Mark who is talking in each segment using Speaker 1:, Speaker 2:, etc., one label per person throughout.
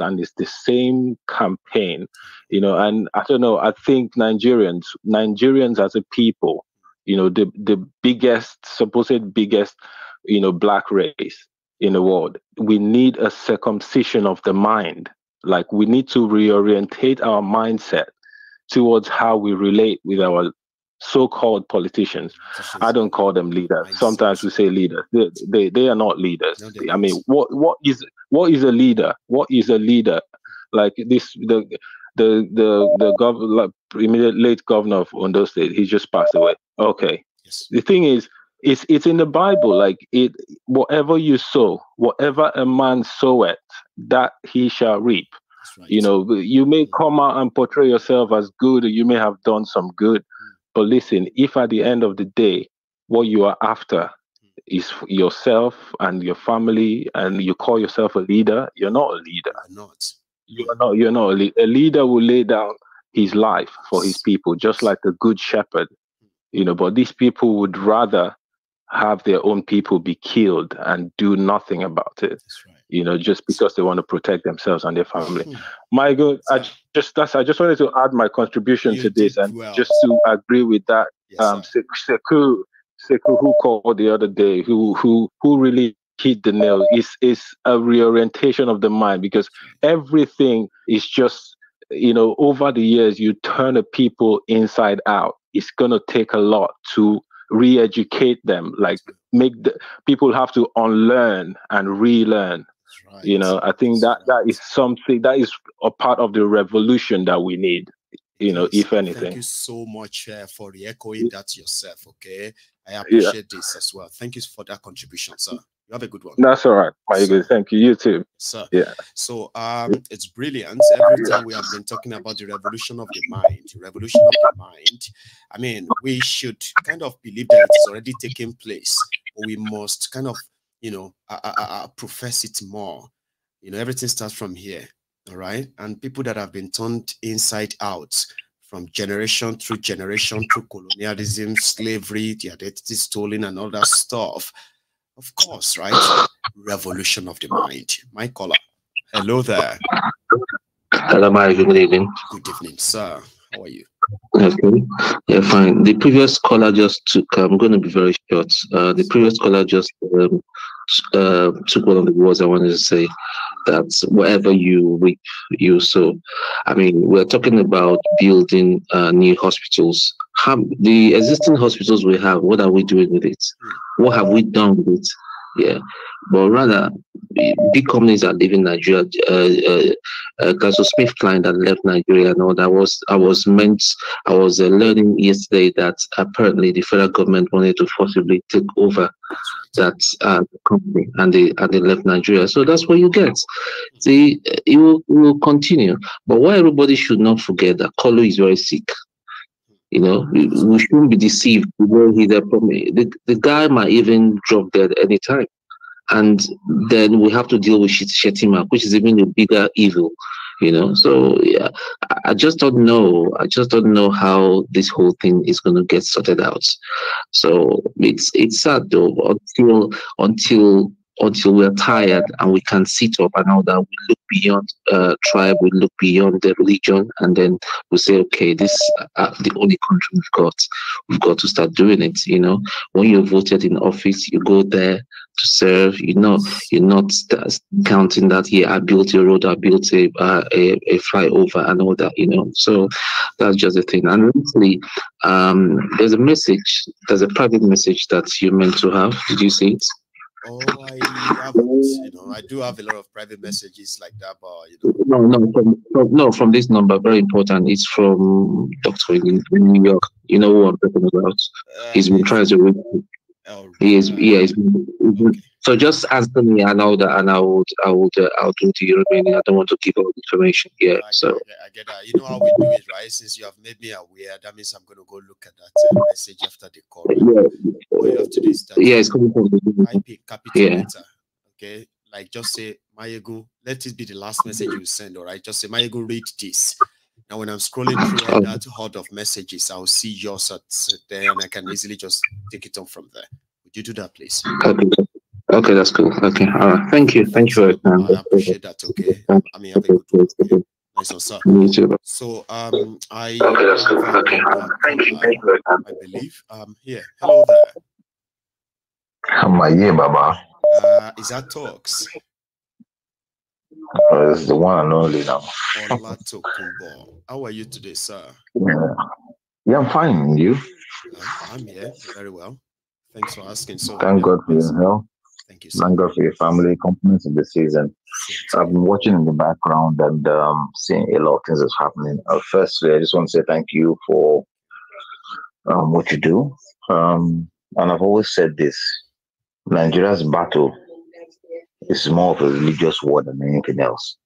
Speaker 1: and it's the same campaign, you know. And I don't know. I think Nigerians, Nigerians as a people, you know, the the biggest supposed biggest, you know, black race in the world. We need a circumcision of the mind. Like we need to reorientate our mindset towards how we relate with our so-called politicians. I don't call them leaders. Sometimes we say leaders. They, they, they are not leaders. I mean, what what is what is a leader? What is a leader? Like this the the the the gov- like, late governor of Ondo State. He just passed away. Okay. Yes. The thing is, it's it's in the Bible. Like it, whatever you sow, whatever a man soweth, that he shall reap. Right. You know, you may mm. come out and portray yourself as good, or you may have done some good, mm. But listen, if at the end of the day, what you are after is yourself and your family, and you call yourself a leader, you're not a leader. You're not. You are not. You're not a, lead. a leader. Will lay down his life for his people, just like a good shepherd. You know, but these people would rather have their own people be killed and do nothing about it. Right you know, just because they want to protect themselves and their family. Michael, hmm. I just that's I just wanted to add my contribution you to this and well. just to agree with that. Yes, um, Seku, Seku, who called the other day, who who who really hit the nail. is is a reorientation of the mind because everything is just you know over the years you turn the people inside out. It's gonna take a lot to re-educate them like make the people have to unlearn and relearn Right. You know, I think that that is something that is a part of the revolution that we need. You know, if anything. Thank
Speaker 2: you so much uh, for echoing that yourself. Okay, I appreciate yeah. this as well. Thank you for that contribution, sir. You have a good one. That's all right. My so, Thank
Speaker 1: you. You too. Sir. Yeah.
Speaker 2: So um, it's brilliant. Every time we have been talking about the revolution of the mind, revolution of the mind. I mean, we should kind of believe that it's already taking place. We must kind of you know, I, I, I profess it more. You know, everything starts from here. All right. And people that have been turned inside out from generation through generation through colonialism, slavery, the identity stolen, and all that stuff. Of course, right? Revolution of the mind. My caller. Hello there.
Speaker 3: Hello, my good evening. Good evening, sir. How are you? Okay. Yeah, fine. The previous caller just took, I'm going to be very short. Uh, the previous caller just um, uh, took one of the words I wanted to say that whatever you reap, you sow. I mean, we're talking about building uh, new hospitals. How, the existing hospitals we have, what are we doing with it? Hmm. What have we done with it? Yeah, but rather, big companies are leaving Nigeria. Uh, uh, uh Smith client that left Nigeria. No, that was I was meant. I was uh, learning yesterday that apparently the federal government wanted to forcibly take over that uh, company, and they and they left Nigeria. So that's what you get. See, it will, will continue. But what everybody should not forget that Kolo is very sick. You know, we, shouldn't be deceived. We know he's a problem. The, the guy might even drop dead any time. And then we have to deal with Shetima, which is even a bigger evil, you know. So yeah, I, I just don't know. I just don't know how this whole thing is going to get sorted out. So it's it's sad though. Until until until we're tired and we can sit up and all that. We look beyond uh, tribe, we look beyond the religion, and then we say, okay, this is uh, uh, the only country we've got. We've got to start doing it. You know, when you're voted in office, you go there to serve. You know, you're not counting that Yeah, I built a road, I built a, uh, a, a flyover, and all that. You know, so that's just the thing. And recently, um, there's a message. There's a private message that you're meant to have. Did you see it? oh,
Speaker 2: I have, you know, I do have a lot of private messages like that, but
Speaker 3: you know. No, no, from, from no, from this number, very important. It's from Doctor in New York. You know who I'm talking about. Uh, he's been trying to reach. Oh, he is, yeah, he's been, he's been okay so just answer me. I know that, and I would, I would, uh, I'll do the remaining. I don't want to all the information here. I so get, I get that. You know how we do it, right? Since you have made me aware, that means I'm going to go
Speaker 2: look at that uh, message after the call. Yeah. Yeah, it's coming from the IP capital yeah. letter. Okay, like just say Mayego. Let it be the last message you send. All right, just say Mayego, read this. Now, when I'm scrolling through all that horde of messages, I'll see yours at there, and I can easily just take it on from there. Would you do that, please?
Speaker 3: Okay. Okay, that's cool. Okay, all right. Thank you. Thank you for your time. I appreciate that. Okay. I mean, I think good okay. Nice one, sir. Me too. So, um, I okay, that's cool. Uh, okay, thank you. Thank you. I believe. Um, yeah. Hello
Speaker 4: there. Hamaye, Baba.
Speaker 2: Uh, is that talks?
Speaker 4: Uh, it's the one and only now.
Speaker 2: How are you today, sir?
Speaker 4: Yeah, yeah I'm fine. You? Uh,
Speaker 2: I'm here very well. Thanks for asking. So, thank God for your
Speaker 4: help. Thank you. So Longer for your family. Compliments in the season. I've been watching in the background and um, seeing a lot of things that's happening. Uh, firstly, I just want to say thank you for um, what you do. Um, and I've always said this Nigeria's battle is more of a religious war than anything else.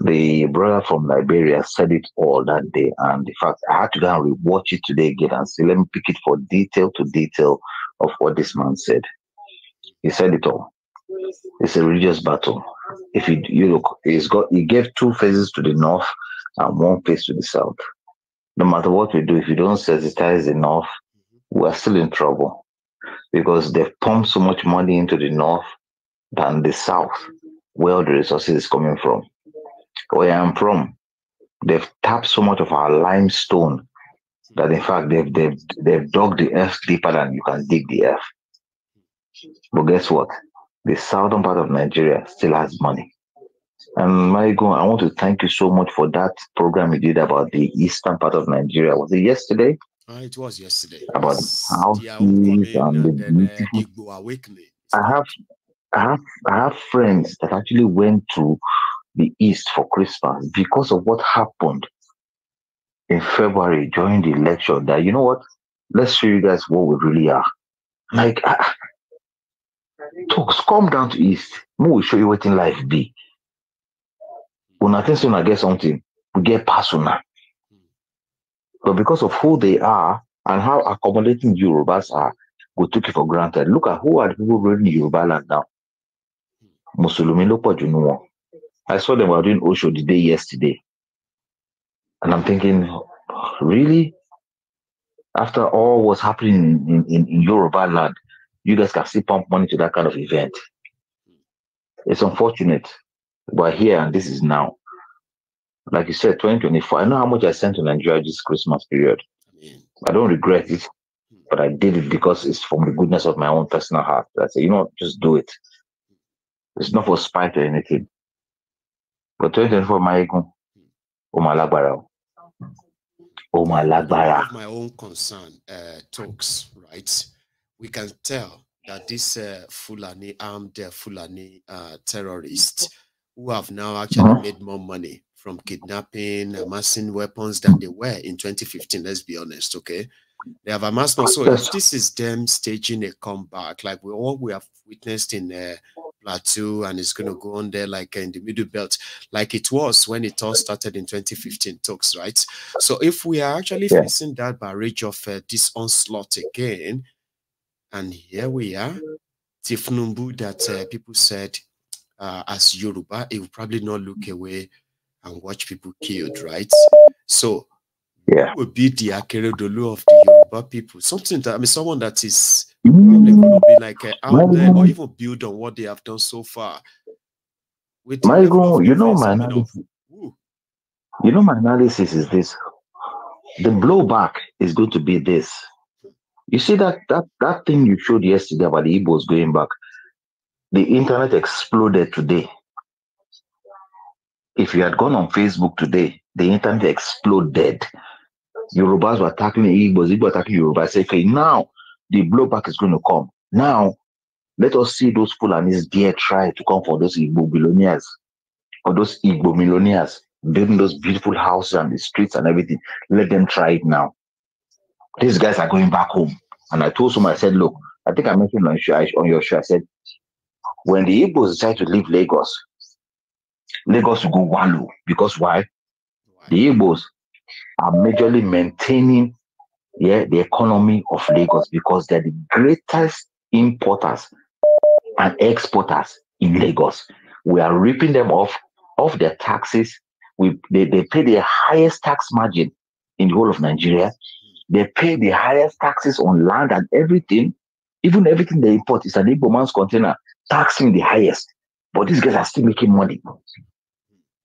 Speaker 4: The brother from Liberia said it all that day. And the fact I had to go and rewatch it today again and see, let me pick it for detail to detail of what this man said. He said it all. It's a religious battle. If you, you look, he's got he gave two faces to the north and one face to the south. No matter what we do, if you don't sensitize the north, we're still in trouble because they've pumped so much money into the north than the south, where the resources is coming from. Where I'm from, they've tapped so much of our limestone that in fact they've they've they've dug the earth deeper than you can dig the earth. But guess what? The southern part of Nigeria still has money. And Marigo, I want to thank you so much for that program you did about the eastern part of Nigeria. Was it yesterday?
Speaker 2: Uh, it was yesterday. About how and, and the uh, beautiful. Uh, awakening.
Speaker 4: I have, I have, I have friends that actually went to the east for Christmas because of what happened in February during the election. That you know what? Let's show you guys what we really are. Like ah, talks, come down to East. More will show you what in life be. When I think I get something, we get personal. But because of who they are and how accommodating Yorubas are, we took it for granted. Look at who are the people ruling Yoruba land now. Musulumi Lopoju Nuwa. I saw them were doing Osho the day yesterday. And I'm thinking, really? After all what's happening in, in, in Yoruba land, you guys can still pump money to that kind of event. It's unfortunate. We're here and this is now. Like you said, 2024. I know how much I sent to Nigeria this Christmas period. I don't regret it, hmm. but I did it because it's from the goodness of my own personal heart. I said, you know, just do it. It's not for spite or anything. But 2024, my ego, oh my oh my My
Speaker 2: own concern uh, talks, right? we can tell that this uh, Fulani armed uh, Fulani uh, terrorists who have now actually uh-huh. made more money from kidnapping, amassing weapons than they were in 2015. Let's be honest, okay? They have amassed more. So this is them staging a comeback, like we all we have witnessed in uh, Plateau, and it's going to go on there like in the middle belt, like it was when it all started in 2015 talks, right? So if we are actually facing that barrage of uh, this onslaught again, and here we are, Tifnumbu, that uh, people said, uh, as Yoruba, it will probably not look away and watch people killed, right? So, yeah. would be the Akeredolu of the Yoruba people? Something that, I mean, someone that is probably going to be like uh, out there or even build on what they have done so far.
Speaker 4: With Michael, you know, my you know, my analysis is this the blowback is going to be this. You see that that that thing you showed yesterday about the Igbos going back, the internet exploded today. If you had gone on Facebook today, the internet exploded. Yorubas were attacking the Igbos, attacking Yorubas. Say, okay, now the blowback is going to come. Now, let us see those Fulanis dare try to come for those Igbo billionaires or those Igbo millionaires building those beautiful houses and the streets and everything. Let them try it now these guys are going back home. And I told someone, I said, look, I think I mentioned on, your show, I said, when the Igbos decide to leave Lagos, Lagos will go one Because why? The Igbos are majorly maintaining yeah, the economy of Lagos because they're the greatest importers and exporters in Lagos. We are ripping them off of their taxes. We, they, they pay the highest tax margin in the whole of Nigeria. They pay the highest taxes on land and everything. Even everything they import is an Igbo man's container, taxing the highest. But these guys are still making money.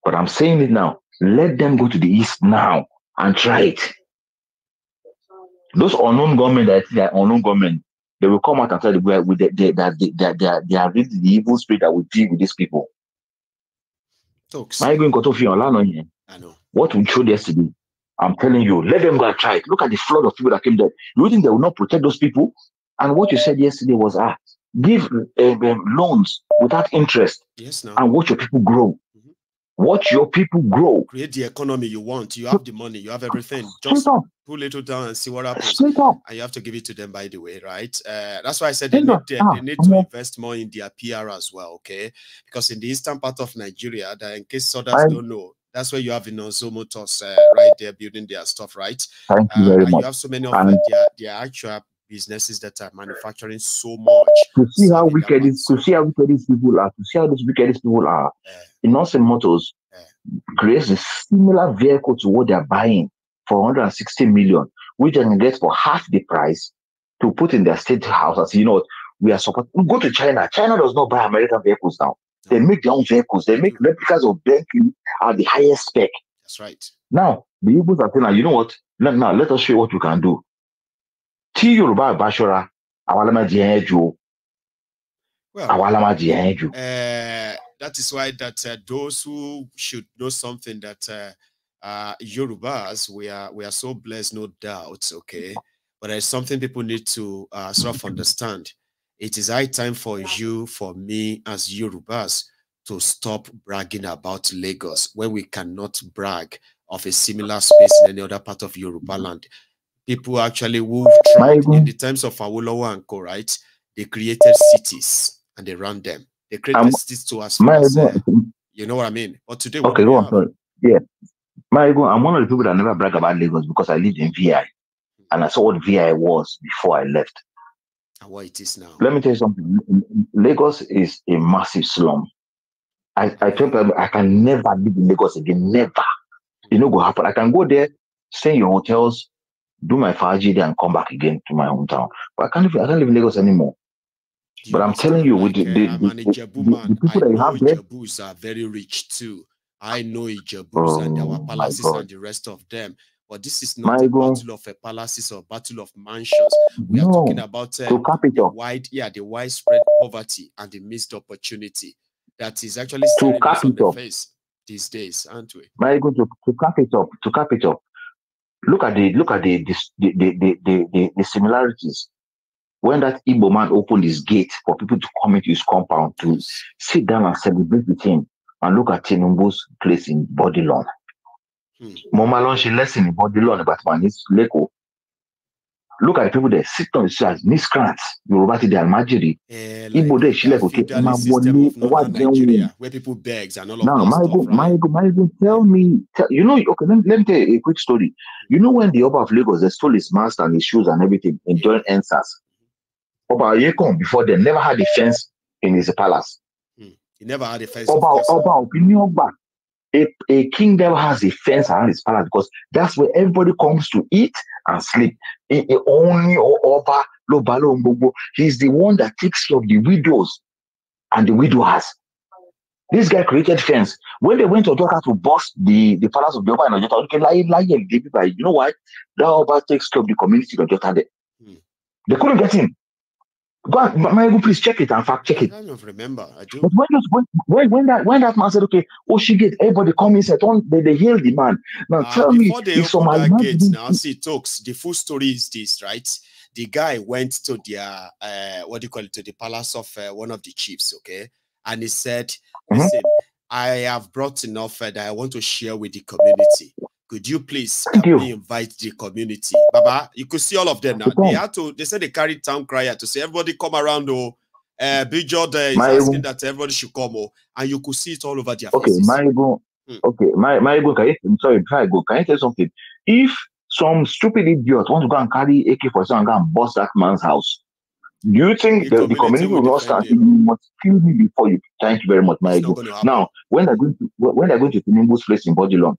Speaker 4: But I'm saying it now. Let them go to the east now and try it. Those unknown government that they are unknown government, they will come out and tell the world that they, that they, that they, they are really the evil spirit that will deal with these people. Talks. I going to your land on here. I know. What we showed yesterday I'm telling you, let them go and try it. Look at the flood of people that came there. You think they will not protect those people? And what you said yesterday was, ah, give um, um, loans without interest. Yes, now. And watch your people grow. Mm-hmm. Watch your people grow.
Speaker 2: Create the economy you want. You have the money. You have everything. Just pull it down and see what happens. And you have to give it to them, by the way, right? Uh, that's why I said they need, they, they ah, need to invest more in their PR as well, okay? Because in the eastern part of Nigeria, that in case others I, don't know, that's where you have Inonzo Motors uh, right there building their stuff, right?
Speaker 1: Thank you very uh, much. You have
Speaker 2: so many of and their, their actual businesses that are manufacturing so much.
Speaker 4: To see how wicked is, to see how wicked these people are, to see how these wicked people are. Yeah. Inonzo Motors yeah. creates a similar vehicle to what they're buying for 160 million, which they can get for half the price to put in their state house. As you know, we are supporting. Go to China. China does not buy American vehicles now. They make their own vehicles. They make replicas of Bentley at the highest spec. That's right. Now, the Igbos are saying, you know what? Now, now let us show you what we can do. Tí Yorùbá
Speaker 2: Well, eh, That is why that uh, those who should know something that uh, uh, Yorùbás, we are, we are so blessed, no doubt, okay? But there's something people need to uh, sort of understand. It is high time for you, for me as Yorubas, to stop bragging about Lagos when we cannot brag of a similar space in any other part of Yoruba mm-hmm. land. People actually who tried in the times of Awolowo and Co, right? They created cities
Speaker 4: and they ran them. They created um, cities to us. Uh, you know
Speaker 2: what I mean? But
Speaker 4: today, okay, go on. Sorry. Yeah, Marigo, I'm one of the people that never brag about Lagos because I lived in VI and I saw what VI was before I left and what it is now? Let me tell you something. Lagos is a massive slum. I, I tell people I can never live in Lagos again. Never. You know, go happen. I can go there, stay in your hotels, do my Faji there, and come back again to my hometown. But I can't live. I can't live in Lagos anymore. but I'm telling you, with the, the, the, the, people
Speaker 2: that you have there, Jabus are very rich too. I know Ijabus oh, and our palaces and the rest of them. But this is not My a battle of a palaces or battle of mansions. We no. are talking about uh, the wide, yeah, the widespread poverty and the missed opportunity that is actually staring us the face these days, aren't
Speaker 4: we? My God, to, to cap it up, to cap it up. Look at the look at the the the the, the, the, the similarities when that Igbo man opened his gate for people to come into his compound to sit down and celebrate with him and look at Tinubu's place in Bodilon. Mama, máa she lesson. ṣe lẹ́sìn law, but nígbà it's màá look at the people there sit the say Miss miscreants yorùbá ti di almajiri eh, igbo Where people kò ké máa wọlé wá
Speaker 2: jẹun now maigo
Speaker 4: my maigo tell me tell, you know okay let, let me tell you a quick story you know when the Oba of Lagos they stole his mask and his shoes and everything in during endsars Oba Yekon before then never had a fence in his palace.
Speaker 5: Hmm. He never had a fence.
Speaker 2: Ọba Ọba
Speaker 4: Opinion gbà a, a kingdom has a fence around his palace because that's where everybody comes to eat and sleep. Only Oba Lobalongogo. He's the one that takes care of the widows and the widowers. This guy created fence. When they went to Odoka to bust the, the palace of the Oba and Ojota, okay, lie, lie, and give You know why? That Oba takes care of the community of Ojota there. Hmm. They couldn't get him. Go on, go please check it and fact check it.
Speaker 2: I don't remember. I do.
Speaker 4: But when, when, when, when, that, when that man said, okay, oh, she Oshigate, everybody come inside, on, they, they hail the man. Now uh, tell me, if some that gate, now
Speaker 2: see, talks, the full story is this, right? The guy went to the, uh, uh, what do you call it, to the palace of uh, one of the chiefs, okay? And he said, uh-huh. listen, mm -hmm. I have brought enough uh, that I want to share with the community could you please you. invite the community? Baba, you could see all of them now. They had to, they said they carried town crier to say, everybody come around, oh. Uh, Big Jordan eh, is my asking that everybody should come, oh. And you could see it all over their okay, faces.
Speaker 4: My hmm. Okay, my, my ego, can you, I'm sorry, before I go, can I tell something? If some stupid idiot wants to go and carry ak some and go and bust that man's house, do you think the, the, community will not stand? You must kill me before you. Thank you very much, my ego. Now, when they're going to when they're going to Tinubu's place in Bodilon,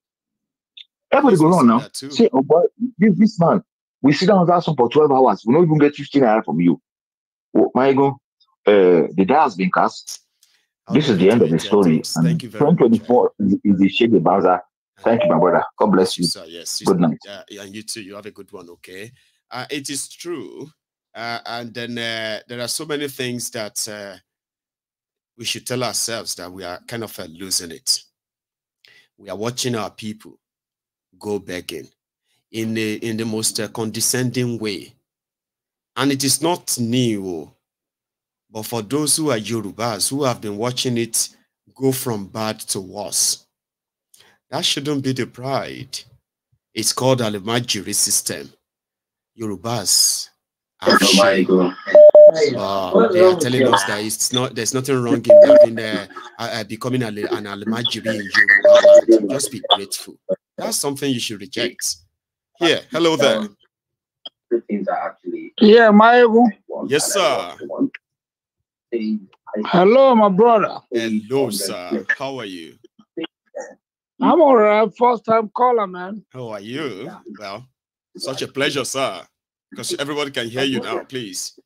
Speaker 4: what is going on now. See, oh this, this man, we sit down with him for 12 hours. We don't even get 15 hours from you. Oh, my God, uh, eh, the die has been cast.
Speaker 2: this is the end of the story. Thank you very
Speaker 4: 2024 much. Eh. is the shade bazaar. Thank you, my brother. God bless you. Sir, yes, good night.
Speaker 2: Uh, and you too. You have a good one. Okay. Uh, it is true. Uh, and then uh, there are so many things that uh, we should tell ourselves that we are kind of uh, losing it. We are watching our people go begging in the in the most uh, condescending way. And it is not new, oh, but for those who are Yorubas who have been watching it go from bad to worse, that shouldn't be the pride. It's called Alimajiri system. Yorubas are oh they are telling us that it's not there's nothing wrong in having uh, uh, becoming an, an in Yoruba. Just be grateful. That's something you should reject. Yeah, hello there.
Speaker 4: Yeah, my.
Speaker 2: Yes, sir. Hello, my brother. Hello, sir. How are you?
Speaker 6: I'm all right. First time caller, man.
Speaker 2: How are you? Well, such a pleasure, sir. Because everybody can hear you now, please.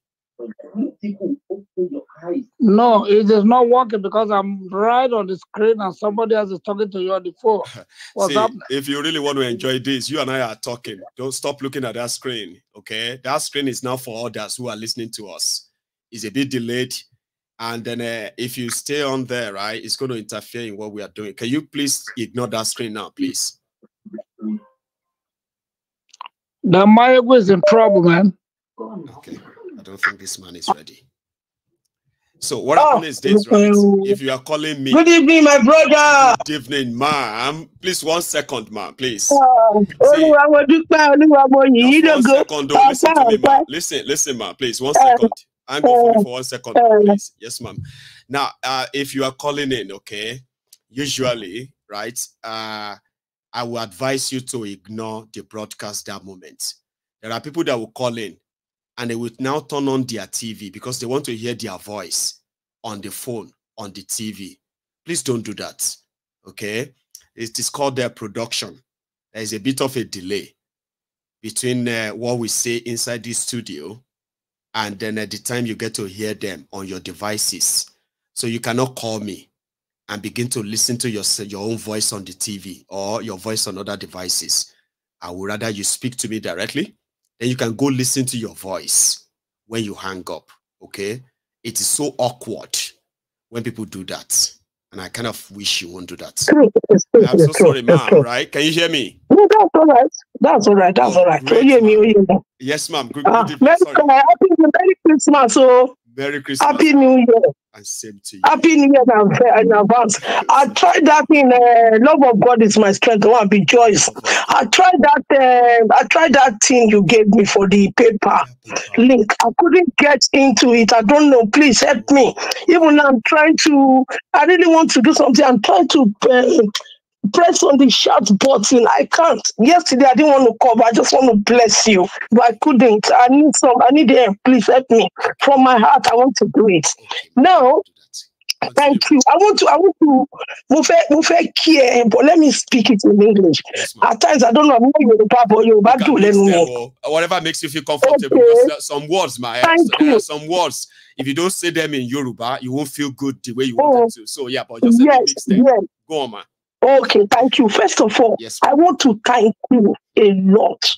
Speaker 6: No, it is not working because I'm right on the screen and somebody else is talking to you on the phone. What's See, happening?
Speaker 2: If you really want to enjoy this, you and I are talking. Don't stop looking at that screen. Okay. That screen is now for others who are listening to us. It's a bit delayed. And then uh, if you stay on there, right, it's going to interfere in what we are doing. Can you please ignore that screen now, please?
Speaker 7: The mic was in trouble,
Speaker 6: man.
Speaker 2: Okay. I don't think this man is ready. So what oh, happened is this, right? If you are calling me, good evening, my brother. Good evening, ma'am. Please one second, ma'am. Please.
Speaker 6: Oh, See, one second, Listen to me, ma'am.
Speaker 2: Listen, listen, ma'am. Please one second. I'm going for, for one second, eh, eh. please. Yes, ma'am. Now, uh, if you are calling in, okay, usually, right, uh, I will advise you to ignore the broadcast that moment. There are people that will call in and they will now turn on their TV because they want to hear their voice on the phone, on the TV. Please don't do that. Okay. It is called their production. There is a bit of a delay between uh, what we say inside the studio and then at the time you get to hear them on your devices. So you cannot call me and begin to listen to your, your own voice on the TV or your voice on other devices. I would rather you speak to me directly. Then you can go listen to your voice when you hang up. Okay it is so awkward when people do that. And I kind of wish you won't do that.
Speaker 6: I'm so sorry, ma'am,
Speaker 2: right? Can you hear me?
Speaker 6: No, that's all right. That's all right. That's all right. Great, you hear me? You Yes, ma'am. Good, good uh, evening. Merry, Christmas. So, Merry Christmas. Happy New Year. And same to you. Happy New Year in and advance. I tried that in uh, Love of God is my strength. I want to be joyous. I tried that. Uh, I tried that thing you gave me for the paper link. I couldn't get into it. I don't know. Please help me. Even now I'm trying to. I really want to do something. I'm trying to. Uh, press on the shout button. I can't. Yesterday I didn't want to cover. I just want to bless you, but I couldn't. I need some. I need help. Please help me. From my heart, I want to do it. Now, thank you. I want to. I want to. Mo fẹ́ mo fẹ́ kí but let me speak it in English. At times I don't know. I'm not Yorùbá but Yorùbá dùn lẹ́nu
Speaker 2: oh. Whatever makes you feel comfortable. Okay. Uh, some words, my. Thank so, you. Some words. If you don't say them in Yoruba, you won't feel good the way you want them oh. to. So yeah, but just yes, yes. go on, man.
Speaker 6: Okay, thank you. First of all, yes. I want to thank you a lot.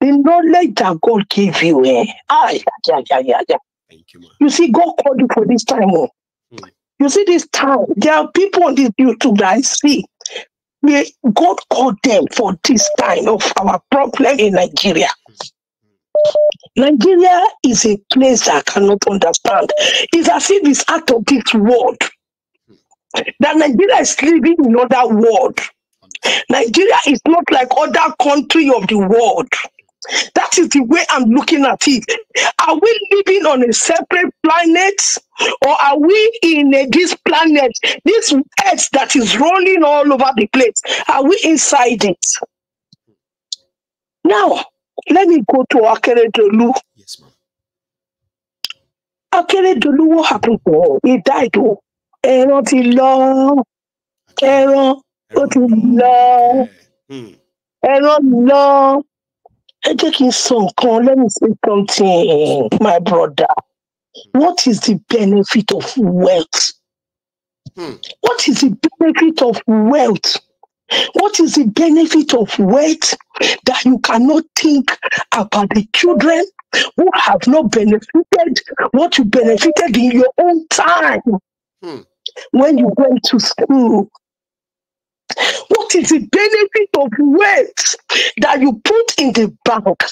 Speaker 6: The knowledge that God gave you, eh? Ah, yeah, yeah, yeah, yeah. Thank you, man. You see, God called you for this time. Oh. Hmm. You see, this time, there are people on this YouTube that I see. May God called them for this time of our problem in Nigeria. Hmm. Nigeria is a place I cannot understand. It's as if it's out of this world that Nigeria is living in another world. Nigeria is not like other country of the world. That is the way I'm looking at it. Are we living on a separate planet or are we in a, this planet, this earth that is rolling all over the place? Are we inside it? Now, let me go to Akere Dolu. Yes, ma'am. Akere Dolu, what happened to He died. Oh ẹran ti lọ ẹran ó ti lọ ẹran lọ ẹ jẹ́ kí n sọ nǹkan let me say something my brother what is the benefit of wealth what is the benefit of wealth. What is the benefit of wealth that you cannot think about the children who have not benefited what you benefited in your own time? Hmm when you went to school? What is the benefit of wealth that you put in the bank,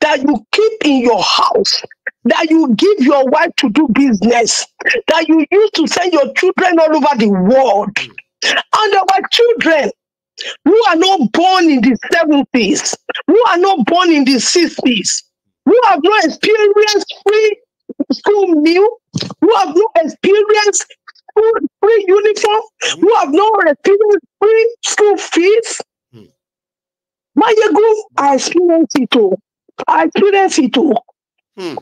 Speaker 6: that you keep in your house, that you give your wife to do business, that you use to send your children all over the world? And our children who are not born in the 70s, who are not born in the 60s, who have not experienced free school meal, who have not experienced free, free uniform, who have no experience, free school fees. Mm. ego, I experience it too. I experience it all. Hmm.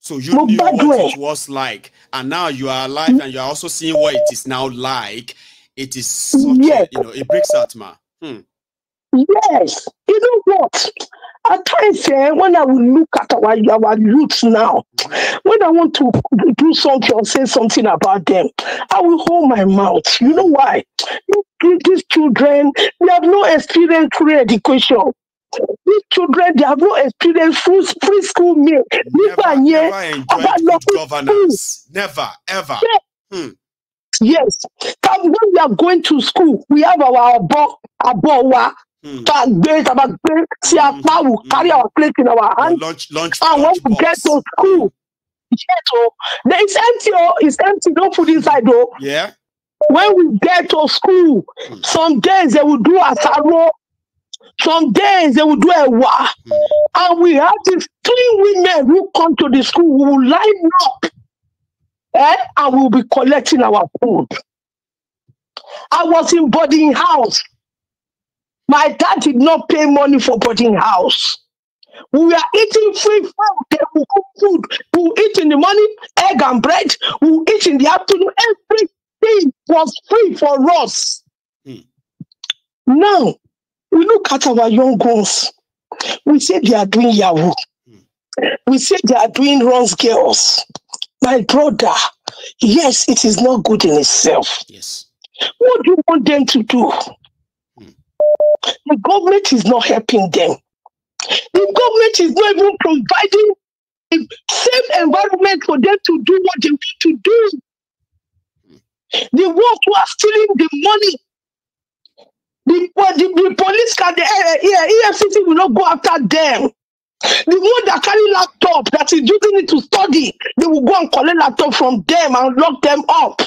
Speaker 6: So you no knew what way. it
Speaker 2: was like, and now you are alive, mm. and you are also seeing what it is now like. It is such yes. a, you know, it breaks out, ma. Hmm.
Speaker 6: Yes, you know what? at times, eh, when I will look at our, our youth now, when I want to do something or say something about them, I will hold my mouth. You know why? These children, they have no experience through education. These children, they have no experience through preschool meal. Never, never, never governance.
Speaker 2: Never,
Speaker 8: ever.
Speaker 6: Yeah. Hmm. Yes. But when we are going to school, we have our abo, abowa, Hmm. ta gbé ta bá gbé sí hmm. apá wò hmm. carry our plate in our hand lunch, lunch, and when we get to school. Yes, oh, then it's empty. Oh, it's empty. No food inside. Oh, yeah. When we get to school, mm. some days they will do a asaro, some days they will do ewa, mm. and we have these three women who come to the school who will line up, eh, and we'll be collecting our food. I was in boarding house. My dad did not pay money for putting house. We are eating free food. We cook food. We eat in the morning, egg and bread. We eat in the afternoon. Everything was free for us. Mm. Now, we look at our young girls. We say they are doing Yahoo. Mm. We say they are doing wrong girls. My brother, yes, it is not good in itself. Yes. What do you want them to do? The government is not helping them. The government is not even providing the same environment for them to do what they want to do. The ones who are stealing the money, the, the, the police can, the uh, eh, EFCC eh, will not go after them. The one that carry laptop that is using it to study, they will go and collect laptop from them and lock them up.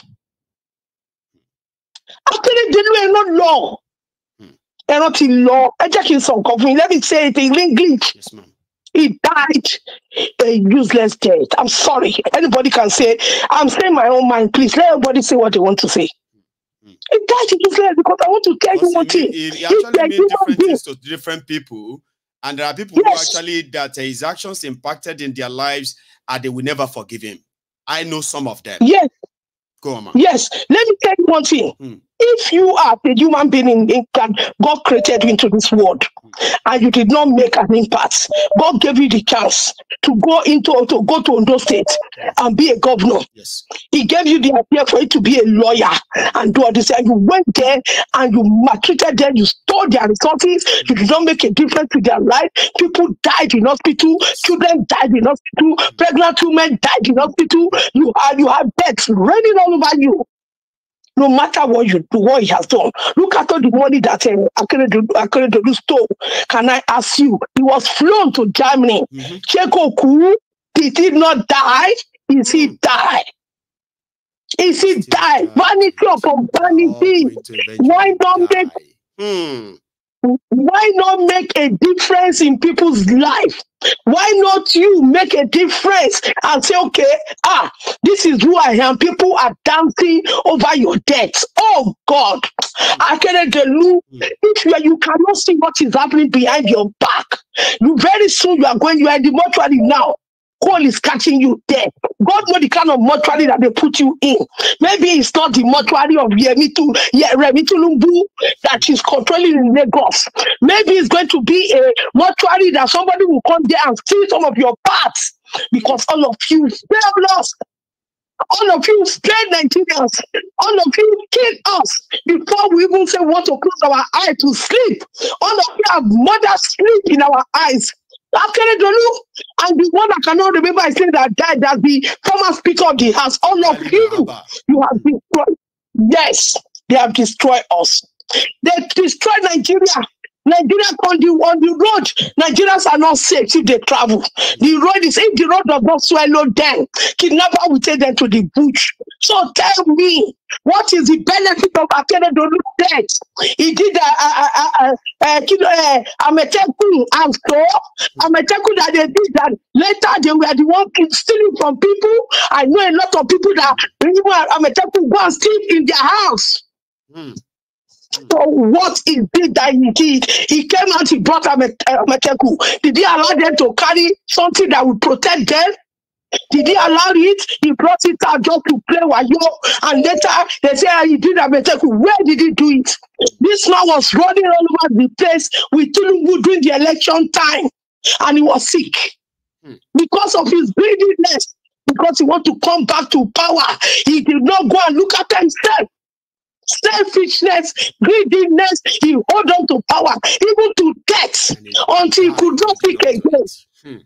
Speaker 6: After they do not law, ẹran ti lọ ẹ jẹ́ kí n let me say it in English. Yes, ma'am. He died a useless death. I'm sorry. Anybody can say, I'm saying my own mind. Please let everybody say what they want to say. Mm. He died useless because I want to tell you one thing. he actually made different things
Speaker 2: to different people. And there are people yes. who actually, that uh, his actions impacted in their lives and they will never forgive him. I know some of them. Yes.
Speaker 8: Go
Speaker 6: on, man. Yes. Let me tell you one thing. Mm. if you are the human being in, in God, God created into this world and you did not make an impact, God gave you the chance to go into to go to another State and be a governor. Yes. He gave you the idea for you to be a lawyer and do all this. And you went there and you maltreated them, you stole their resources, you did not make a difference to their life. People died in hospital, children died in hospital, pregnant women died in hospital, you had you had deaths raining all over you. no matter what you do, what he has done. Look at all the money that um, eh, Akeredolu stole. Can I ask you? He was flown to Germany. Mm-hmm. Chekoku, did he not die? Is he mm. die? Is he die? Vanity upon vanity. Why not make? Hmm. Why not make a difference in people's life? Why not you make a difference and say, okay, ah, this is who I am. People are dancing over your debts. Oh God, I can delude. If you, you cannot see what is happening behind your back, you very soon you are going. You are in the mortuary now. Call is catching you there. God know the kind of mortuary that they put you in. Maybe it's not the mortuary of Yemitu, yeah, Remitulumbu that is controlling in Lagos. Maybe it's going to be a mortuary that somebody will come there and steal some of your parts because all of you have lost. All of you straight Nigerians, all of you killed us before we even say want to close our eyes to sleep. All of you have murder sleep in our eyes. Akeredolu and the one that cannot remember, I said that died that the former Speaker of the House, all of you, you have destroyed. Yes, they have destroyed us. They destroyed Nigeria. Nigeria on the on the road, Nigerians are not safe if they travel. The road is if the road does not swallow them, kidnapper will take them to the bush. So tell me, what is the benefit of Akene Akeredolu debt? He did a uh, uh, uh, Ametekun and store. Ametekun that they did that later they were the one stealing from people. I know a lot of people that even a go and sleep in their house. Mm. So what he did that he did. He came out, he brought a eh, Meteku. Did he allow them to carry something that would protect them? Did he allow it? He brought it out just to play you. And later they say ah, he did a Meteku. Where did he do it? This man was running all over the place with Tinubu during the election time. And he was sick hmm. because of his greediness. Because he wanted to come back to power. He did not go and look at himself. selfishness, greediness. He hold on to power, even to death, until he could not speak again. Hmm.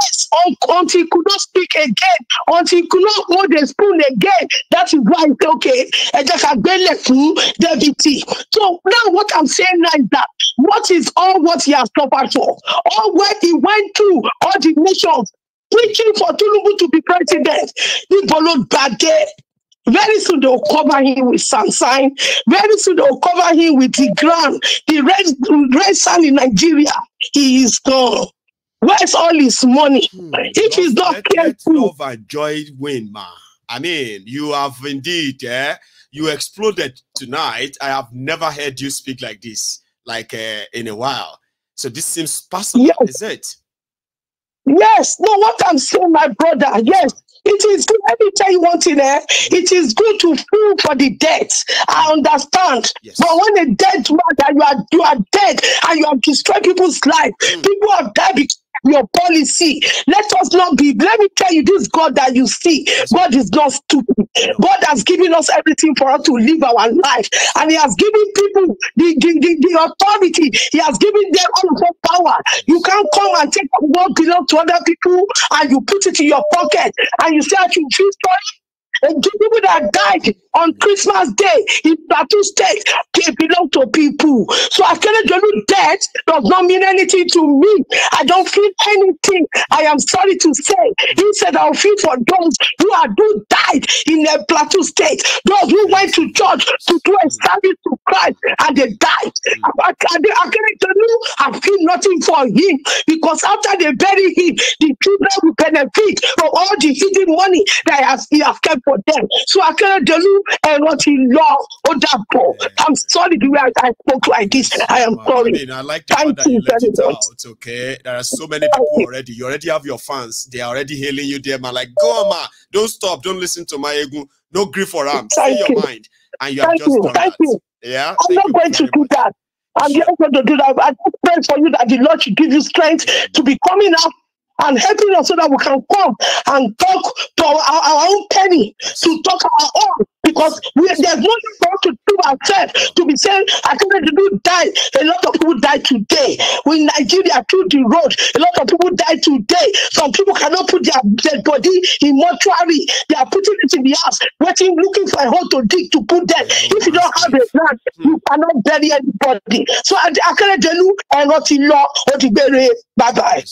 Speaker 6: Yes, until he could not speak again, until he could not hold the spoon again. That is why it's okay. And just a belly fool, deputy. So now what I'm saying now is that what is all what he has suffered for, all what he went through, all the nations preaching for Tinubu to be president, he followed bad gbàgé Very soon they'll cover him with sunshine. Very soon they'll cover him with the ground, the red, red sand in Nigeria. He is gone. Where's all his money? Hmm. If he's not let, careful.
Speaker 2: overjoyed win, man. I mean, you have indeed, eh? You exploded tonight. I have never heard you speak like this, like uh, in a while. So this seems possible, yes. is it?
Speaker 6: Yes. No, what I'm saying, my brother, yes. It is, let me tell you one thing, eh? It is good to fool for the dead. I understand. Yes. But when a dead man that you are you are dead and you have destroyed people's life, mm. people have died because your policy. Let us not be, let me tell you, this God that you see, God is not stupid. God has given us everything for us to live our life. And He has given people the, the, the, the authority, He has given them all of power. You can't come and take what belongs to other people and you put it in your pocket and you say, I should choose people that died on Christmas Day in Plateau State, they belong to people. So I you, death does not mean anything to me. I don't feel anything. I am sorry to say. He said, I'll feel for those who are who died in the Plateau State, those who went to church to do a service to Christ and they died. you, I feel nothing for him because after they bury him, the children will benefit from all the hidden money that he has, he has kept for them. So Akeredolu, Eroti law, Odabo. I'm sorry the way I, spoke like this. I am sorry. I, mean, I like the Thank you very much.
Speaker 2: Out, okay, there are so many people already. You already have your fans. They are already hailing you there, man. Like, go on, man. Don't stop. Don't listen to my ego. No grief for him. Say your you. mind. And you Thank have just you. Thank that. you. Yeah.
Speaker 6: I'm not going to much. do that. I'm not going to do that. I pray for you that the Lord should give you strength to be coming out and helping us so that we can come and talk to our, our own penny, to talk our own, because we, there's nothing for us to do ourselves to be saying, I think people die. A lot of people die today. In Nigeria, through the road, a lot of people die today. Some people cannot put their, their body in mortuary. They are putting it in the house, waiting, looking for a hole to dig to put them. If you don't have a plan, you cannot bury anybody. So, I do. Akérèdọ́lù, not in law or to bury. Bye bye.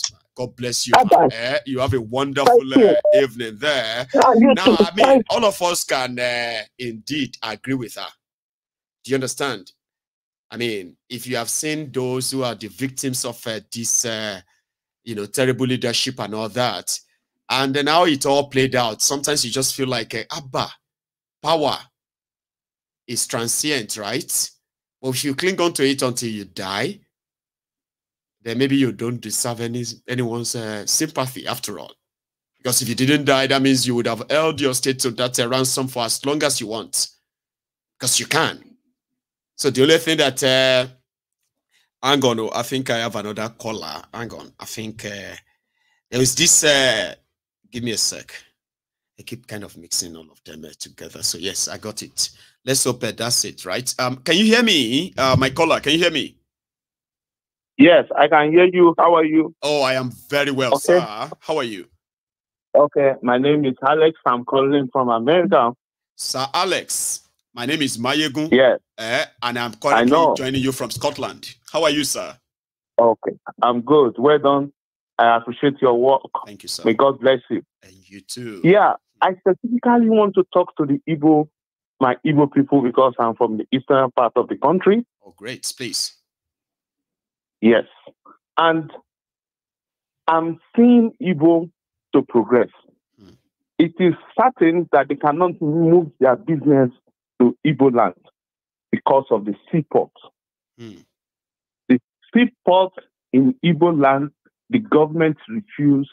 Speaker 2: God bless you. Eh, you have a wonderful uh, evening there. Now, I mean, all of us can uh, indeed agree with her. Do you understand? I mean, if you have seen those who are the victims of uh, this, uh, you know, terrible leadership and all that, and then how it all played out, sometimes you just feel like, uh, Abba, power is transient, right? Well, if you cling on to it until you die, then maybe you don't deserve any anyone's uh, sympathy after all. Because if you didn't die, that means you would have held your state to that uh, ransom for as long as you want. Because you can. So the only thing that, uh, hang on, to oh, I think I have another caller. Hang on. I think uh, there is this, uh, give me a sec. I keep kind of mixing all of them uh, together. So yes, I got it. Let's hope uh, that's it, right? Um, can you hear me, uh,
Speaker 5: my caller? Can you hear me? Yes, I can hear you. How are you? Oh, I am very well, okay. sir. How are you? Okay, my name is Alex. I'm calling from
Speaker 2: America. Sir Alex, my name is Mayegun. Yes. Eh, and I'm currently joining you from Scotland. How are you, sir? Okay, I'm good. Well done. I
Speaker 5: appreciate your work. Thank you, sir. May God bless you. And you too. Yeah, I specifically want to talk to the Igbo, my Igbo people, because I'm from the eastern part of the country. Oh, great. Please. Yes. And I'm seeing Igbo to progress. Mm. It is certain that they cannot move their business to Igbo land because of the seaport. Mm. The seaport in Igbo land, the government refused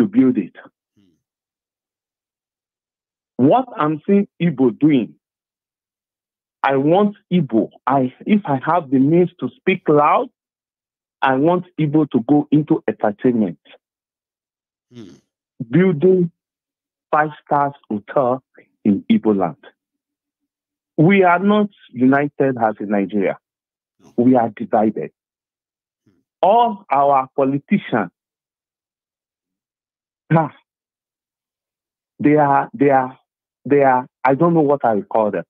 Speaker 5: to build it. Mm. What I'm seeing Igbo doing, I want Igbo. I, if I have the means to speak loud, I want people to go into entertainment. Hmm. Building five stars hotel in Igbo land. We are not united as in Nigeria. No. We are divided. Hmm. All our politicians they are they are they are I don't know what I call them.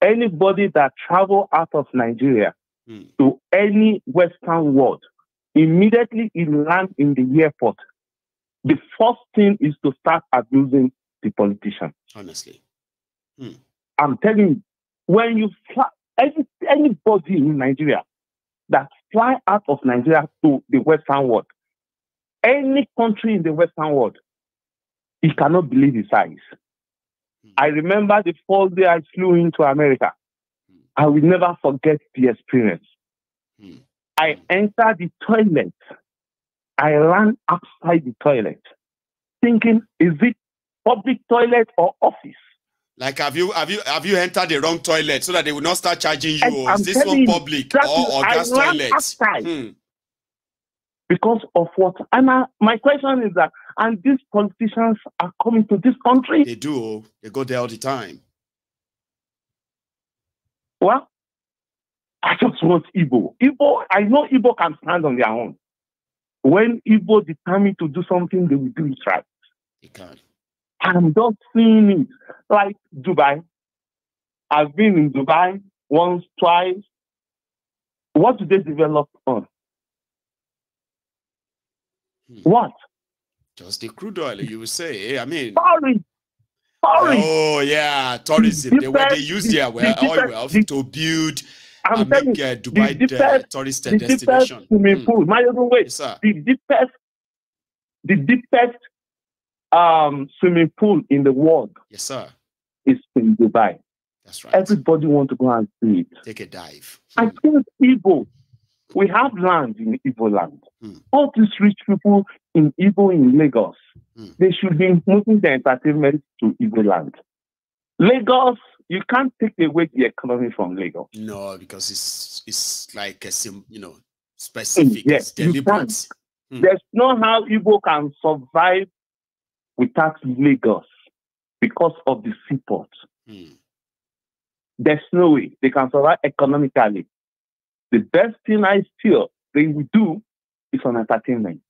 Speaker 5: Anybody that travel out of Nigeria hmm. to any Western world Immediately he lands in the airport, the first thing is to start abusing the politician. Honestly. Hmm. I'm telling you, when you fly, any, anybody in Nigeria that fly out of Nigeria to the Western world, any country in the Western world, he cannot believe his eyes. Hmm. I remember the first day I flew into America. Hmm. I will never forget the experience. I enter the toilet. I ran outside the toilet, thinking, is it public toilet or office?
Speaker 2: Like have you have you have you entered the wrong toilet so that they will not start charging you? Oh, is this one public or, or gas toilet?
Speaker 5: Hmm. Because of what? And I, uh, my question is that, and these politicians are coming to this country. They do. Oh. They go there all the time. Well, I just want Igbo. Igbo, I know Igbo can stand on their own. When Igbo determined to do something, they will do it right. They can. I'm just seeing it. Like Dubai. I've been in Dubai once, twice. What do they develop on?
Speaker 2: Hmm. What? Just the crude oil, you would say. Eh? I mean,
Speaker 5: sorry, sorry. Oh
Speaker 2: yeah, tourism. The they were they use their oil wealth to build I'm and telling uh, Dubai the deepest, tourist the destination. Deepest swimming mm.
Speaker 5: pool, Mayogun Way. Yes, the deepest, the deepest um, swimming pool in the world. Yes, sir. Is in Dubai. That's right. Everybody want to go and see it. Take a dive. I mm. think Igbo, we have land in Igbo land. Mm. All these rich people in Igbo in Lagos, hmm. they should be moving their entertainment to Igbo land. Lagos you can't take away the economy from Lagos. No, because it's it's like a sim, you know mm, specific. Yes, deliberate. Mm. There's no how Igbo can survive without Lagos because of the seaport. Hmm. There's no way they can survive economically. The best thing I feel they will do is on entertainment.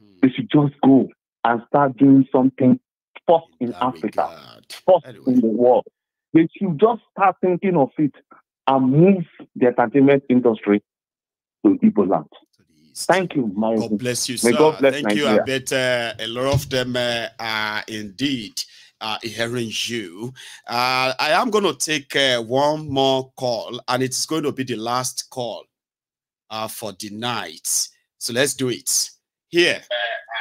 Speaker 5: Hmm. They should just go and start doing something first in Africa, first anyway. in the world. They should just start thinking of it and move the entertainment industry to Igbo land. Thank you, my God bless you, sir. God bless Thank Nigeria. you. I
Speaker 2: bet uh, a lot of them uh, are indeed uh, hearing you. Uh, I am going to take uh, one more call, and it's going to be the last call uh, for the night. So let's do it here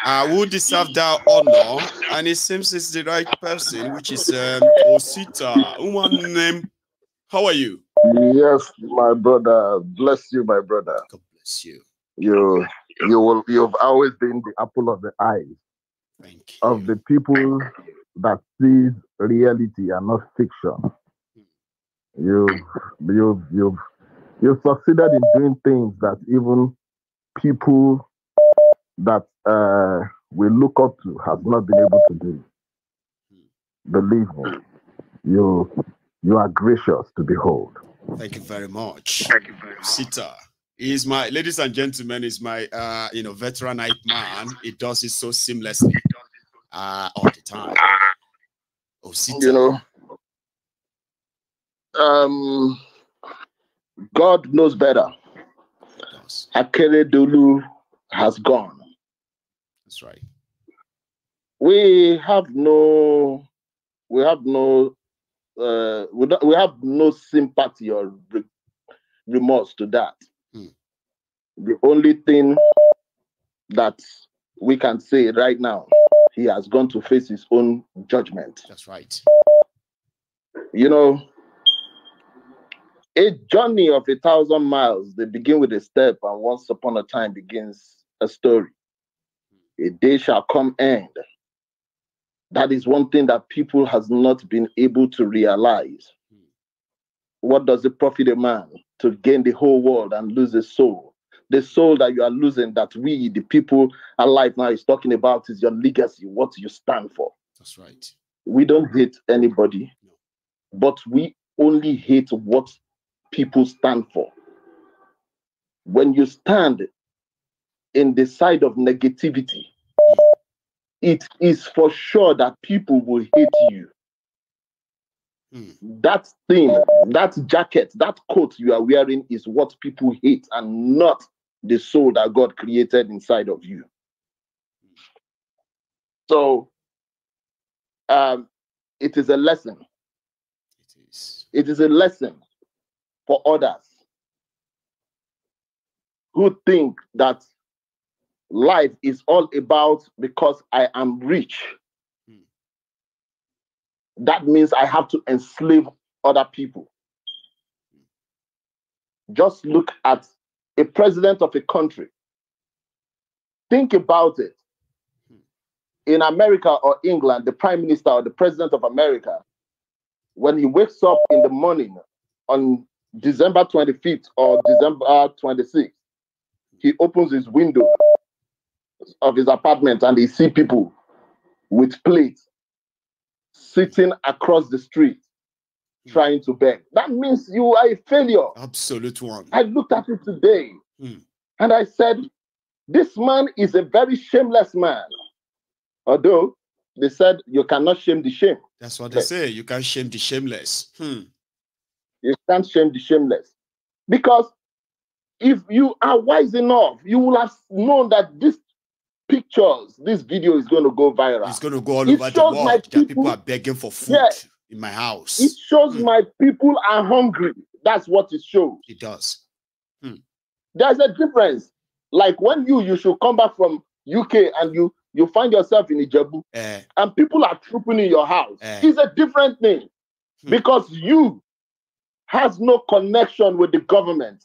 Speaker 2: uh, who deserve that honor, and it seems it's the right person, which is
Speaker 7: um, Osita. Woman name, how are you? Yes, my brother. Bless you, my brother. God bless you. You, you will, you've always been the apple of the eye of the people that sees reality and not fiction. Hmm. You, you've, you've, you've succeeded in doing things that even people that uh, we look up to has not been able to do. Believe me, you you are gracious to behold.
Speaker 2: Thank you very much. Thank you very much. Sita is my ladies and gentlemen is my uh you know veteran hype man. It does it so seamlessly uh all the time. Oh, Sita.
Speaker 7: You know, um, God knows better. Akere Dulu has gone. That's right. We have no, we have no, uh, we, we have no sympathy or re remorse to that. Hmm. The only thing that we can say right now, he has gone to face his own judgment. That's right. You know, a journey of a thousand miles, they begin with a step, and once upon a time begins a story a day shall come end. That is one thing that people has not been able to realize. What does it profit a man to gain the whole world and lose his soul? The soul that you are losing, that we, the people alive now, is talking about is your legacy, what you stand for. That's right. We don't hate anybody, but we only hate what people stand for. When you stand in the side of negativity, it is for sure that people will hate you. Mm. That thing, that jacket, that coat you are wearing is what people hate and not the soul that God created inside of you. So um, it is a lesson. It is. It is a lesson for others who think that life is all about because I am rich. Hmm. That means I have to enslave other people. Just look at a president of a country. Think about it. Hmm. In America or England, the prime minister or the president of America, when he wakes up in the morning on December 25th or December 26th, he opens his window of his apartment and they see people with plates sitting across the street mm. trying to beg. That means you are a failure. Absolute one. I looked at it today mm. and I said, This man is a very shameless man. Although they said you cannot shame the shame. That's what they say. You can't shame the shameless. Hmm. You can't shame the shameless. Because if you are wise enough, you will have known that this pictures. This video is going to go viral. It's going to go all it over the world. That people, people, are begging for food yeah, in my house. It shows mm. my people are hungry. That's what it shows. It does. Mm. There's a difference. Like when you you should come back from UK and you you find yourself in Ijebu eh. and people are trooping in your house. Eh. It's a different thing mm. because you has no connection with the government.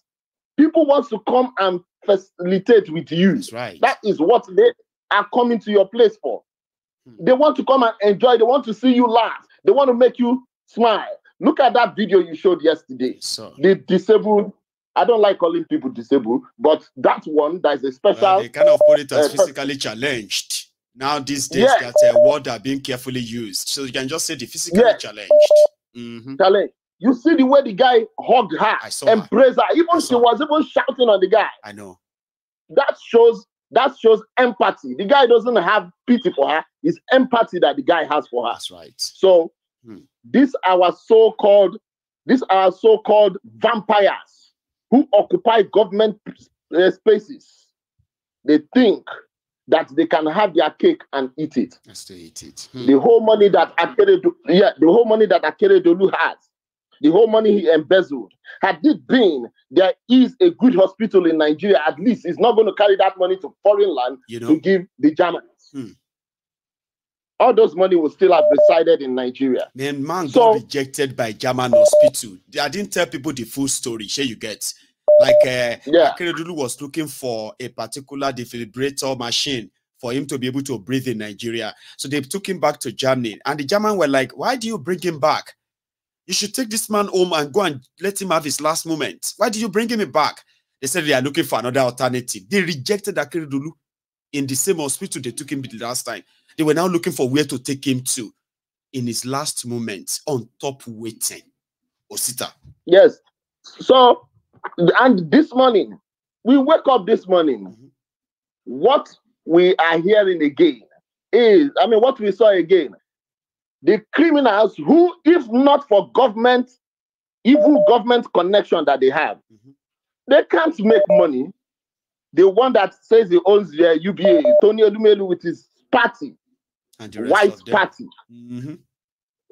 Speaker 7: People wants to come and facilitate with you. That's right. That is what they are coming to your place for. Hmm. They want to come and enjoy. They want to see you laugh. They want to make you smile. Look at that video you showed yesterday. So, the disabled. I don't like calling people disabled, but that one that is a special. Well, they kind of put it as uh, physically
Speaker 2: challenged. Now these days, yeah. that uh, word are being carefully used, so you can just say the physically yeah.
Speaker 7: challenged. Mm -hmm. Challenge. You see the way the guy hugged her, I saw her. Even she was even shouting on the guy. I know. That shows that shows empathy. The guy doesn't have pity for her. It's empathy that the guy has for her. That's right. So hmm. these our so-called these are so-called vampires who occupy government eh, spaces. They think that they can have their cake and eat it. Yes, they eat it. Hmm. The whole money that Akeredolu, yeah, the whole money that Akeredolu has the whole money he embezzled. Had it been there is a good hospital in Nigeria, at least it's not going to carry that money to foreign land you know? to give the Germans. Hmm. All those money will still have resided in Nigeria.
Speaker 2: Then, man so, got rejected by German hospital. I didn't tell people the full story. Sure, you get like uh, yeah. Akeredolu was looking for a particular defibrillator machine for him to be able to breathe in Nigeria. So they took him back to Germany, and the German were like, "Why do you bring him back?" You should take this man home and go and let him have his last moment. Why did you bring him back? They said they are looking for another alternative. They rejected Akeredolu in the same hospital they took him the last time. They were now looking for where to take him to in his last moment
Speaker 7: on top waiting. Osita. Yes. So, and this morning, we wake up this morning. Mm-hmm. What we are hearing again is, I mean, what we saw again the criminals who, if not for government, evil government connection that they have, mm-hmm. they can't make money. The one that says he owns the UBA, uh, Tony Olumelu, with his party, white party, mm-hmm.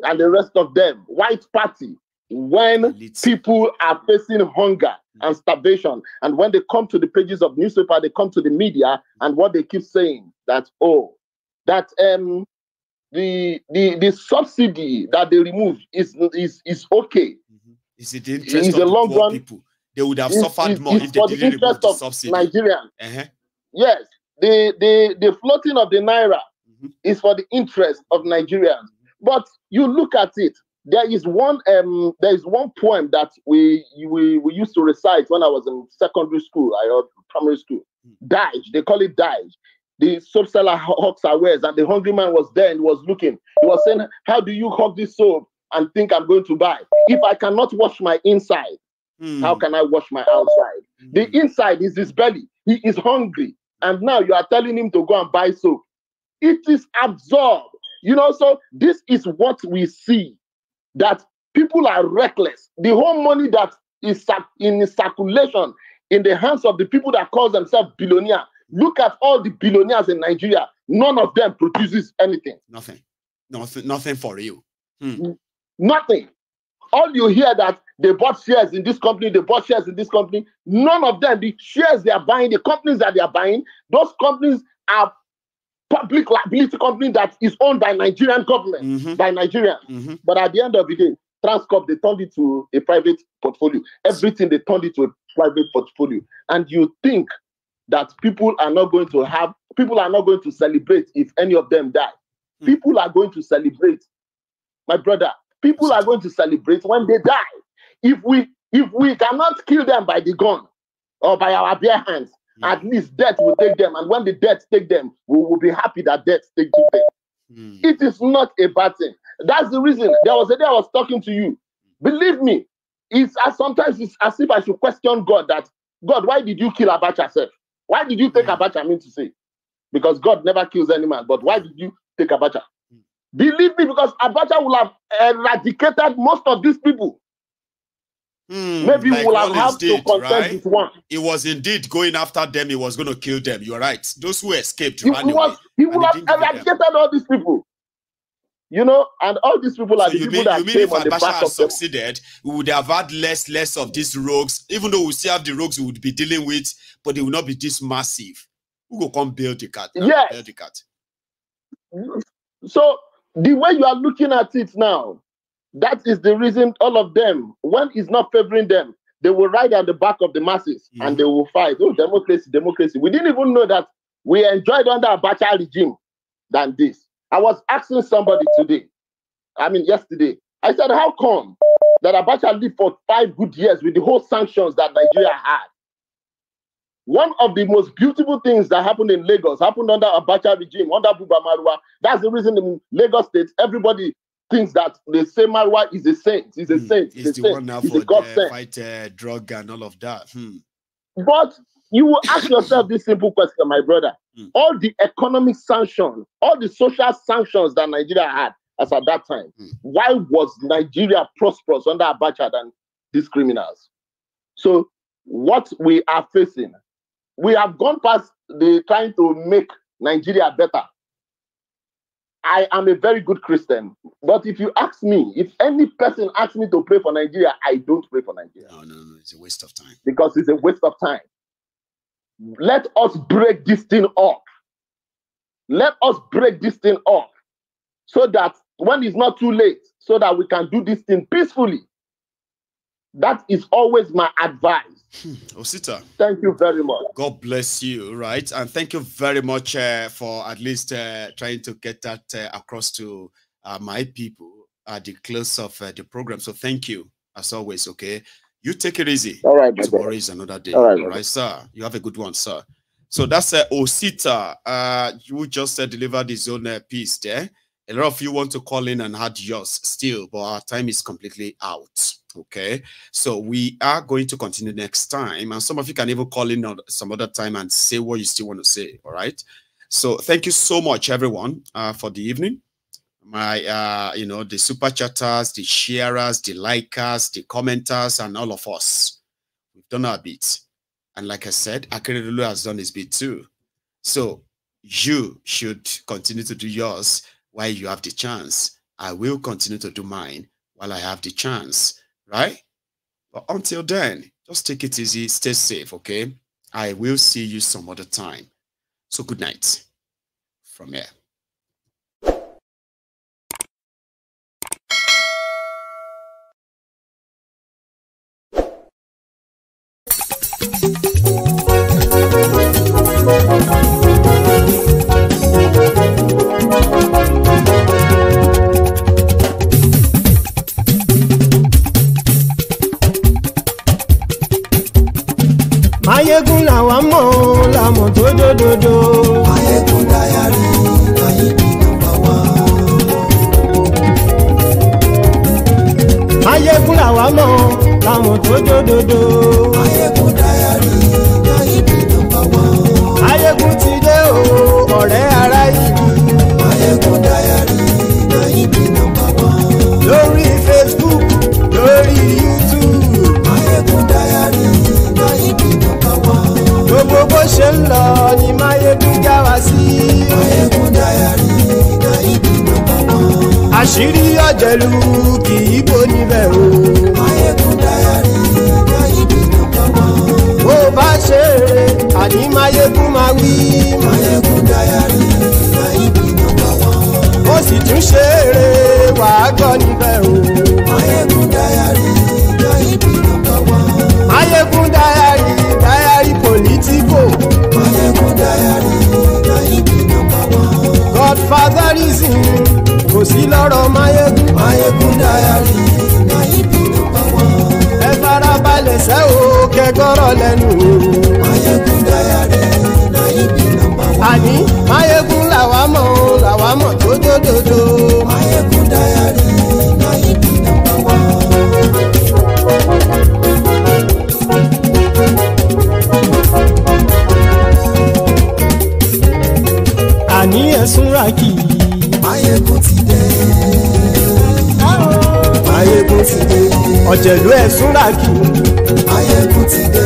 Speaker 7: and the rest of them, white party. When Elite. people are facing hunger mm-hmm. and starvation, and when they come to the pages of newspaper, they come to the media, and what they keep saying that oh, that um the the the subsidy that they remove is is is okay. Mm-hmm. Is it the interest it's of the long run, people? They would have it's, suffered it's, more it's if they didn't the remove the subsidy. Nigerian. Uh-huh. Yes, the the the floating of the naira mm-hmm. is for the interest of Nigerians. But you look at it. There is one um there is one poem that we we, we used to recite when I was in secondary school, I or primary school. Hmm. Dage, they call it Dage the soap seller hawks are wares, and the hungry man was there and was looking. He was saying, How do you hawk this soap and think I'm going to buy? If I cannot wash my inside, mm. how can I wash my outside? Mm. The inside is his belly. He is hungry. And now you are telling him to go and buy soap. It is absurd. You know, so this is what we see that people are reckless. The whole money that is in circulation in the hands of the people that call themselves billionaire Look at all the billionaires in Nigeria. None of them produces anything. Nothing. Nothing, nothing for you. Hmm. Nothing. All you hear that they bought shares in this company, they bought shares in this company. None of them, the shares they are buying, the companies that they are buying, those companies are public liability company that is owned by Nigerian government, mm-hmm. by Nigerians. Mm-hmm. But at the end of the day, Transcorp, they turned it to a private portfolio. Everything, they turned it to a private portfolio. And you think that people are not going to have, people are not going to celebrate if any of them die. Mm. People are going to celebrate, my brother, people are going to celebrate when they die. If we if we cannot kill them by the gun or by our bare hands, mm. at least death will take them. And when the death take them, we will be happy that death take to them. Mm. It is not a bad thing. That's the reason. There was a day I was talking to you. Believe me, it's as sometimes it's as if I should question God that God, why did you kill Abacha yourself? Why did you take hmm. Abacha? I mean to say, because God never kills any man, but why did you take Abacha? Hmm. Believe me, because Abacha will have eradicated most of these people. Mm, Maybe like we'll have, did, to contest right? with
Speaker 2: one. He was indeed going after them. He was going to kill them. You're right. Those who escaped. He, was,
Speaker 7: he would have eradicated all these people. You know, and all these people are so the people mean, that came if on the back of
Speaker 2: succeeded, them. we would have had less, less of these rogues. Even though we still have the rogues we would be dealing with, but they will not be this massive. We will come build the cat. Yeah, build
Speaker 7: the cat. So the way you are looking at it now, that is the reason all of them, when it's not favoring them, they will ride on the back of the masses mm and mm-hmm. they will fight. Oh, democracy, democracy. We didn't even know that we enjoyed under Abacha regime than this. I was asking somebody today, I mean yesterday, I said, how come that Abacha lived for five good years with the whole sanctions that Nigeria had? One of the most beautiful things that happened in Lagos happened under Abacha regime, under Buba Marwa. That's the reason in Lagos State, everybody thinks that the same Marwa is a saint, is a hmm, saint. He's is the saint, one now for the, fight uh, drug and all of that. Hmm. But you will ask yourself this simple question, my brother. Mm. All the economic sanctions, all the social sanctions that Nigeria had as at that time, mm. why was Nigeria prosperous under Abacha than these criminals? So, what we are facing, we have gone past the trying to make Nigeria better. I am a very good Christian, but if you ask me, if any person asks me to pray for Nigeria, I don't pray for Nigeria. No, no, no, it's a waste of time. Because it's a waste of time. Let us break this thing up. Let us break this thing up so that when it's not too late, so that we can do this thing peacefully. That is always my advice. Hmm,
Speaker 2: Osita. Thank you very much. God bless you, right? And thank you very much uh, for at least uh, trying to get that uh, across to uh, my people at the close of uh, the program. So thank you, as always, okay? You take it easy. All right. Tomorrow is another day. All right, all right, sir. You have a good one, sir. So that's uh, Osita. Uh, you just uh, delivered his own uh, piece there. A lot of you want to call in and add yours still, but our time is completely out. Okay. So we are going to continue next time. And some of you can even call in some other time and say what you still want to say. All right. So thank you so much, everyone, uh, for the evening my uh you know the super chatters the sharers the likers the commenters and all of us we've done our bit and like i said akeredolu has done his bit too so you should continue to do yours while you have the chance i will continue to do mine while i have the chance right but until then just take it easy stay safe okay i will see you some other time so good night
Speaker 8: from here àjẹ̀lú ẹ̀ súnra jù. ti dé.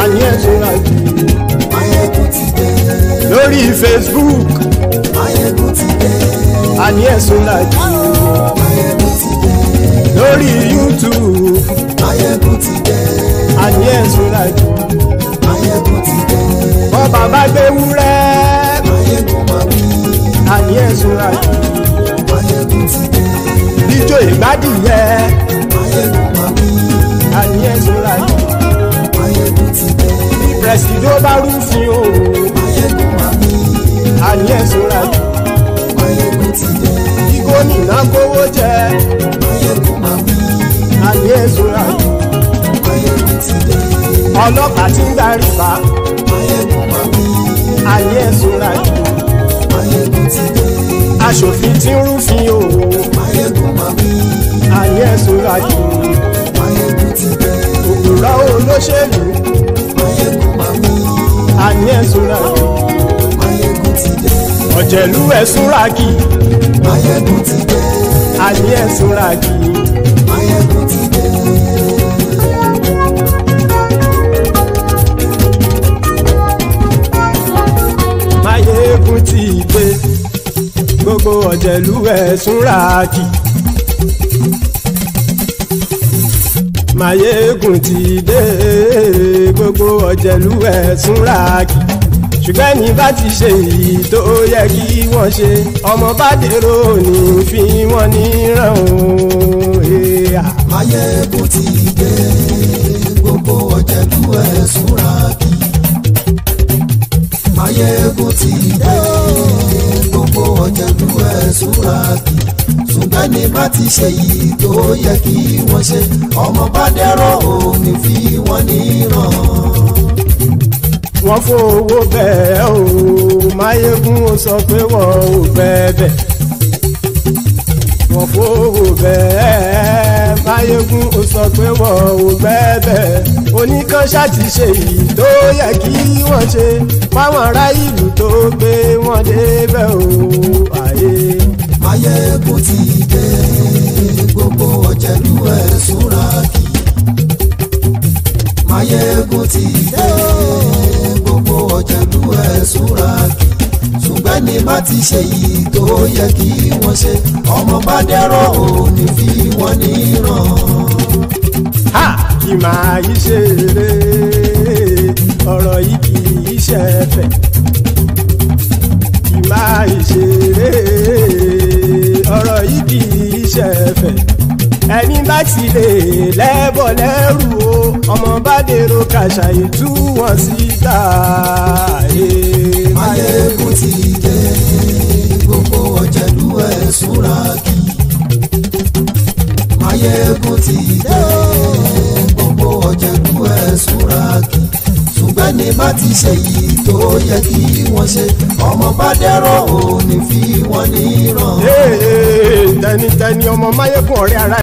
Speaker 8: Àní ẹ̀ súnra jù. ti dé. Lórí Facebook. Máyẹ̀kún ti dé. Àní ẹ̀ súnra jù. ti dé. Lórí YouTube. Máyẹ̀kún ti dé. Àní ẹ̀ súnra jù. ti dé. Bọ́ bàbá gbé wúrẹ́. Máyẹ̀kún máa wí. Àní ẹ̀ súnra jù. ti dé. Ijó ìgbádìí yẹ àní ẹ̀sùn láyé. ayégun ti dé. bí pẹ̀sìdó bá rúfin o. ayégun wà mí. àní ẹ̀sùn láyé. ayégun ti dé. bí gómìnà kówó jẹ. ayégun wà mí. àní ẹ̀sùn láyé. ayégun ti dé. ọlọ́pàá ti ń darí bá. ayégun wà mí. àní ẹ̀sùn láyé. ayégun ti dé. aṣòfin ti ń rúfin o. ayégun wà mí. àní ẹ̀sùn láyé òǹkà olóṣèlú. Mayegun máa mú. Àní súnra Ọ̀jẹ̀lú ẹ̀ súnra kì. Mayegun ti dé. súnra kì. Mayegun Mayegun ti dé. Gbogbo ọ̀jẹ̀lú ẹ̀ súnra kì. Maiyegun ti dé gbogbo ọ̀jẹ̀lú ẹ̀ súnra kì ṣùgbọ́n ní bá ti ṣe èyí tó yẹ kí wọ́n ṣe ọmọ bá dèrò ní fi wọ́n níran o. Maiyegun ti dé gbogbo ọ̀jẹ̀lú ẹ̀ súnra kì ti dé gbogbo ọ̀jẹ̀lú ẹ̀ súnra tẹ́ni bá ti ṣe yìí tó yẹ kí wọ́n ṣe ọmọ bá dẹ́rọ̀ ò fi wọ́n níran. wọ́n fowó bẹ́ẹ̀ o máyégún ó sọ pé wọ́n ò bẹ́ẹ̀ bẹ́ẹ̀ wọ́n fowó bẹ́ẹ̀ báyégún ó sọ pé wọ́n ò gbẹ́bẹ̀ oníkan ṣáàtì ṣe èyí tó yẹ kí wọ́n ṣe fáwọn ará ìlú tó gbé wọn débẹ̀ o àyè ayé kò ti dé gbogbo ọ̀jẹ̀lú ẹ̀ súnra kì máyé kò ti dé gbogbo ọ̀jẹ̀lú ẹ̀ súnra kì ṣùgbọ́n ní bá ti ṣe yìí tó yẹ kí wọ́n ṣe ọmọ bá dẹ́rọ̀ ò ní fi wọ́n níran. ha kì máa yí ṣeré ọ̀rọ̀ yìí kì í ṣe fẹ́ kì máa yí ṣeré ọ̀rọ̀ yìí kì í ṣe ẹ̀fẹ̀ ẹni bá ti lè lẹ́bọ̀ lẹ́rù o ọmọ bá dèrò kàṣà ìtú wọn síta. Máyégún ti dé gbogbo ọ̀jẹ̀dú ẹ̀ súnra kí. Máyégún ti dé gbogbo ọ̀jẹ̀dú ẹ̀ súnra kí gbẹ́ni bá ti ṣe yìí tó yẹ kí wọ́n ṣe ọmọ bá dẹ́rọ̀ ò ní fi wọ́n ní ràn. tẹnitẹni ọmọ máyégún ọ̀rẹ́ ara.